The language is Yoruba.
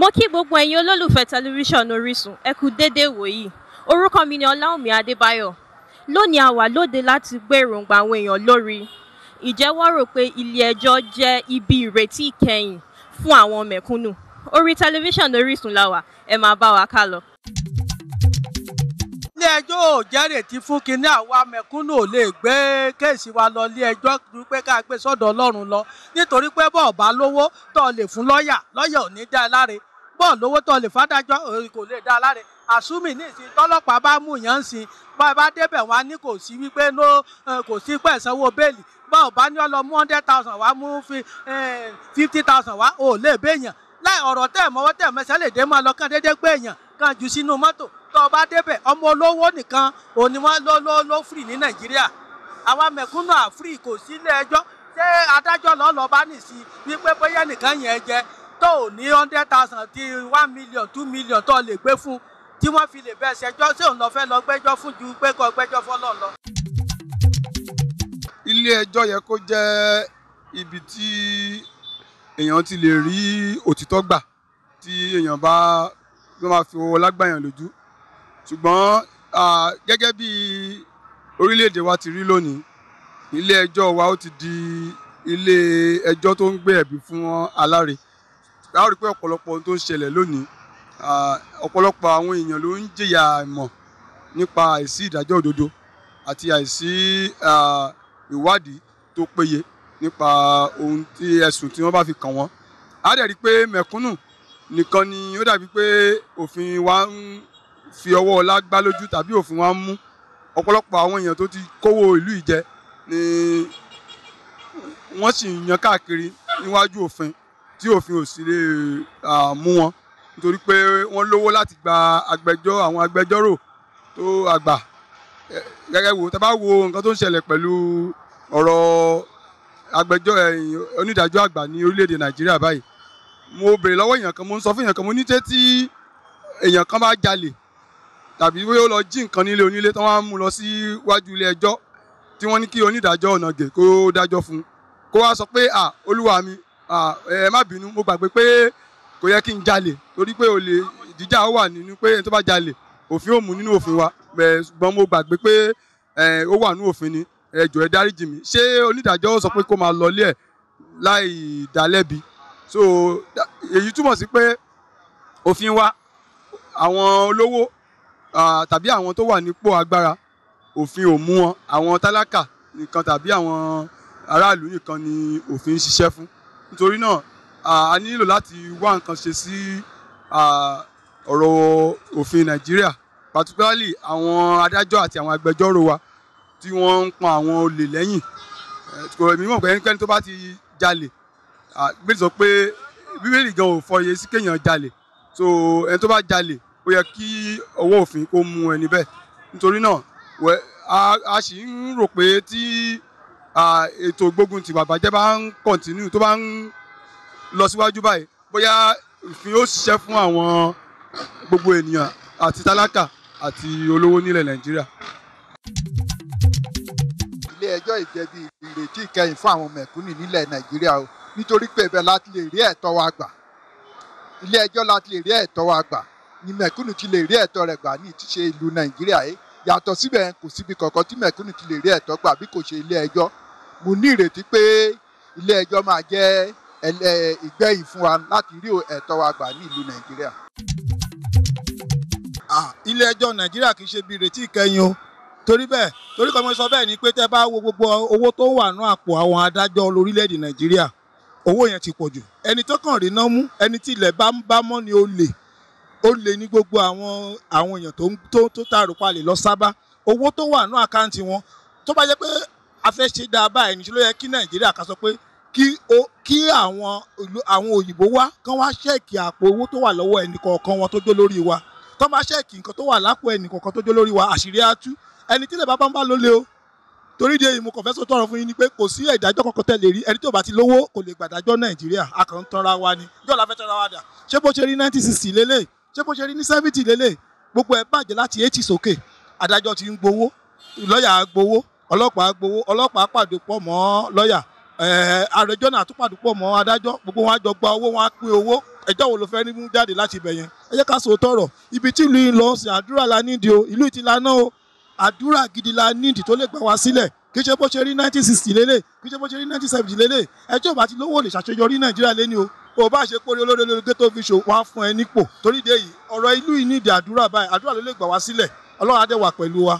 mo kí gbogbo ẹ̀yin olólùfẹ́ tẹlifíṣàn orísun ẹ kú déédéé wòyí orúkọ mi ni ọláwùmí adébáyọ̀ lónìí a wà lóde láti gbé èròǹgbà àwọn èèyàn lórí ìjẹ́wọ́rò pé ilé ẹjọ́ jẹ́ ibi ìrètí ìkẹyìn fún àwọn mẹ̀kúnnù orí tẹlifíṣàn orísun la wà ẹ máa bá wa ká lọ. ilé ẹjọ́ ò jẹ́rètí fún kinní àwa mẹ̀kúnnù ò lè gbé kéèsì wa lọ ilé ẹjọ́ rí pé ká gbé sọ́dọ̀ ọlọ́run lọ nítorí pé bọ́ọ̀ bá lówó tó lè fún lọ́ọ̀yà lọ́ọ̀yà ò ní dá ẹ láre pọ̀ lówó tó lè fàdájọ́ kò lè dá láre àsúmì ní tọ́lọ́pàá bá mú yàn ń bá a bá débẹ̀ wọn ní kò sí wípé eh, kò sí pẹ̀ sanwó bẹ́ẹ̀lì bá ò bá ní ọ lọ mú hundred thousand wá mú eh, fifty thousand wá ò lè béèyàn láì ọ̀rọ̀ tẹ̀ mọ́wọ́ tẹ̀ mẹsẹ̀ lè dé máa lọ kán déédéé pé kan jù sínú mọ́tò tó o bá débẹ̀ ọmọ olówó nìkan òní wọn ló ló ló free ní nàìjíríà àwa mẹ̀kúnnù àfree kò sí ilé ẹjọ́ ṣé adájọ́ lọ́ọ́ lọ́ọ́ bá nìsí wípé bóyá nìkan yẹn jẹ tó ò ní hundred thousand di one million two million tó lè gbé fún tí wọ́n fi lè bẹ́ẹ̀ ṣẹjọ́ tí òun lọ fẹ́ lọ gbẹ́jọ́ fún ju pé kó gbẹ́jọ́ fọ́lọ́ lọ. ilé ẹjọ́ yẹ kó jẹ́ ibi tí èèyàn ti lè rí òtítọ́ gbà tí èèyàn bá ló máa fi owó lágbàyàn lójú ṣùgbọ́n gẹ́gẹ́ bí orílẹ̀-èdè wa ti rí lónìí ilé ẹjọ́ wa ó ti di ilé ẹjọ́ tó ń gbé ẹ̀bí fún aláre a rí pé ọ̀pọ̀lọpọ̀ ohun tó ń ṣẹlẹ̀ lónìí ọ̀pọ̀lọpọ̀ àwọn èèyàn ló ń jìyà ìmọ̀ nípa àìsí ìdájọ́ òdodo àti àìsí ìwádìí tó péye nípa ohun tí ẹ̀sùn tí wọ́n bá fi kàn wọ́n a dẹ̀ rí pé mẹ̀kúnnù nìkan ni ó dàbí pé òfin wa ń fi ọwọ́ ọlá gbá lójú tàbí òfin wa ń mú ọ̀pọ̀lọpọ̀ àwọn èèyàn tó ti kówó ìlú ìjẹ ni wọ́n sì yan káàkiri níwájú òfin tí òfin ò sì lè mú wọn nítorí pé wọ́n lówó láti gba agbẹjọ́ àwọn agbẹjọ́rò tó àgbà gẹ́gẹ́ wo tá bá wo nǹkan tó ń ṣẹlẹ̀ pẹ̀lú ọ̀rọ̀ agbẹjọ́ onídàájọ́ àgbà ní orílẹ̀-èdè nàìjíríà báyìí mo béèrè lọ́wọ́ èèyàn kan mo ń sọ fún èèyàn kan mo ní tẹ́ tí èèyàn kan bá jalè tàbí bóyá ó lọ jí nǹkan nílé onílé tán wá mú lọ sí wájú ilé ẹjọ́ tí wọ́n ní kí onídàájọ́ ọ̀nà gè kó dájọ́ fún kó wá sọ pé à olúwa mi ẹ má bínú mo gbàgbé pé kò yẹ kí n jalè torí pé olè jíjà ó wà nínú pé ẹni tó bá jalè òfin ò mú nínú òfin wa ṣùgbọ́n mo gbàgbé pé ó wà nínú òfin ni ẹ jọ̀ọ́ ẹ dáríjì mi ṣé onídàájọ́ sọ pé kó máa lọlé ẹ̀ láì dálẹ́bi so èyí túmọ̀ sí pé òfin wa àwọn olówó tàbí àwọn tó wà nípò agbára òfin ò mú wọn àwọn tálákà nìkan tàbí àwọn aráàlú nìkan ni òfin ṣiṣẹ́ fún nítorí náà a nílò láti wá nǹkan ṣe sí ọ̀rọ̀ òfin nàìjíríà particularly àwọn adájọ́ àti àwọn agbẹjọ́rò wa tí wọ́n ń pọn àwọn olè lẹ́yìn èmi mọ̀ pé ẹnikẹ́ni tó bá ti jalè gbé sọ pé bíbélì gan ò fọyẹ sí kéèyàn jalè so ẹni tó bá jalè ó yẹ kí ọwọ́ òfin kó mú ẹni bẹ́ẹ̀ nítorí náà a sì ń rò pé tí ètò gbógun ti bàbàjẹ́ bá ń kọ̀ntínú tó bá ń lọ síwájú báyìí bóyá òfin yóò ṣiṣẹ́ fún àwọn gbogbo ènìyàn àti tálákà àti olówó nílẹ̀ nàìjíríà. ilé ẹjọ́ ìjẹ̀bi ìrètí ìkẹyìn fún àwọn mẹ̀kúnnù nílẹ̀ nàìjíríà o nítorí pé ibẹ̀ láti lè rí ẹ̀tọ́ wa gbà ilé ẹjọ́ láti lè rí ẹ̀tọ́ wa gbà ni mẹ̀kúnnù ti lè rí ẹ̀tọ́ rẹ̀ gbà ní ìtúnṣe ìlú nàìjíríà yìí yàtọ̀ síbẹ̀ kò síbi kankan tí mẹ̀kúnnù ti lè rí ẹ̀tọ́ gbà bí kò ṣe ilé ẹjọ́ mo ní ìrètí pé ilé ẹjọ́ máa jẹ́ ìgbẹ̀yìn fún wa láti rí ẹ̀tọ́ wa gbà ní ìlú nàìjíríà. ilé ẹjọ́ nàìjíríà kì í ṣe bí ìrètí ìkẹyìn o torí bẹ́ẹ̀ torí kan mo sọ bẹ́ẹ̀ ni pé tẹ́ bá wo gbogbo owó tó wà ní àpò àwọn adájọ́ lórílẹ̀‐èdè nàìjíríà owó yẹn ti pọ̀ jù ẹni tó kàn rí náà mú ẹni tí ilẹ̀ bá ń bá mọ́ ni ó lè ó lè ní gbogbo àwọn àwọn èèyàn tó tó tààrùpalẹ̀ lọ sábà owó tó wà ní àkáǹtì wọn tó bá jẹ́ pé afẹ́ ṣe dáa báyìí níṣẹ́ ló yẹ kí nàìjíríà ká sọ pé kí o kí àwọn àwọn òyìnbó wá kán wá ṣẹ́ẹ̀kì àpò owó tó wà lọ́wọ́ ẹnì kọ̀ọ̀kan wọn tó jó lórí wa tán bá ṣẹ́ẹ̀kì nǹkan tó wà lápò ẹnì tó jó lórí wa àṣírí á ẹni tílẹ̀ bá bá ń bá ló le o torí di èyí mo kàn tọrọ fún yín ni pé kò sí ìdájọ́ kankan tẹ̀lé rí ẹni tí ò bá ti lówó kò lè gbàdájọ́ nàìjíríà a kàn ń tanra wa ni yóò la fẹ́ tanra wa dà ṣé bó ṣe rí ninety sixty lélẹ̀ ṣé bó ṣe rí ní seventy lélẹ̀ gbogbo ẹ̀ bàjẹ́ láti eighty sókè adájọ́ ti ń gbowó lọ́ọ̀yà gbowó ọlọ́pàá gbowó ọlọ́pàá pàdé pọ̀ mọ́ lọ́ọ̀yà àrẹjọ́ náà tún pàdé pọ̀ mọ́ adájọ́ gbogbo wọn á jọ gba owó wọn á pín owó ẹjọ́ wo ló fẹ́ ní mú jáde láti ibẹ̀ yẹn ẹ jẹ́ ká sọ tọ̀rọ̀ ibi tí ìlú yìí lọ sí àdúrà la nídìí o ìlú ti la náà o àdúrà gidi la nídìí tó lè gbà wá sílẹ̀ kì í ṣe bó ṣe rí nineteen sixty lélẹ̀ kì í ṣe bó ṣe rí nineteen seventy lélẹ̀ ẹjọ́ bá ti lówó lè ṣàṣeyọrí Nàìjíríà lẹ́ni o o bá ṣe kórè olóore lórí ghetto vision wá fún ẹ nípò torí de yìí ọ̀rọ̀ ìlú yìí nídìí àdúrà báyìí àdúrà ló lè gbà wá sílẹ̀ Ọlọ́run á pẹ̀lú wa